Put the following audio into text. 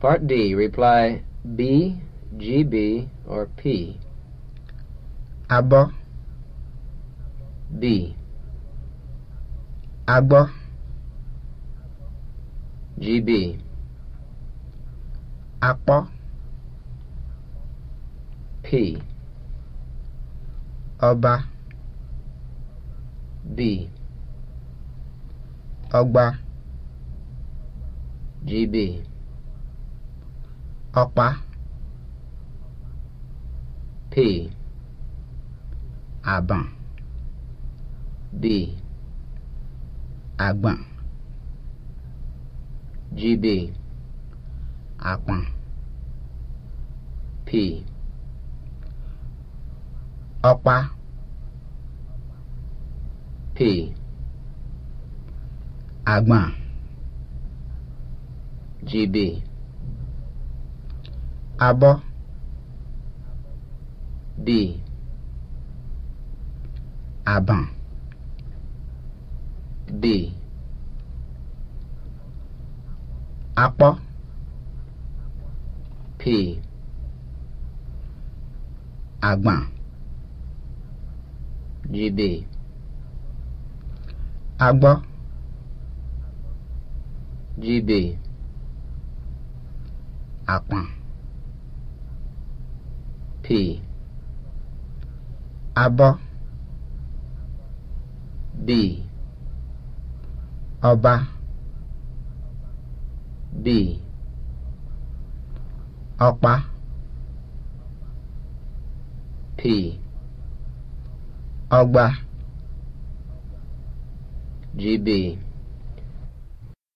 Part D. Reply B, GB, or P. Aba B. Aba GB. Apa P. Oba. B. Ogba. GB. OPA p. àbọ̀n. b. àgbọ̀n. gb. àpọ̀n. p. OPA p. àgbọ̀n. gb abọ́. b. àbọ̀n. b. apọ́. p. àgbọ̀n. gb. agbọ́. gb. àpọ̀n. P. Abọ́. B. Ọba. B. Ọ̀pá. P. Ọgbà. GB.